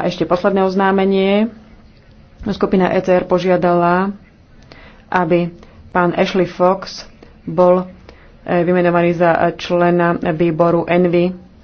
A ešte posledné oznámenie. Skupina ECR požiadala, aby pán Ashley Fox bol eh, vymenovaný za eh, člena výboru Envy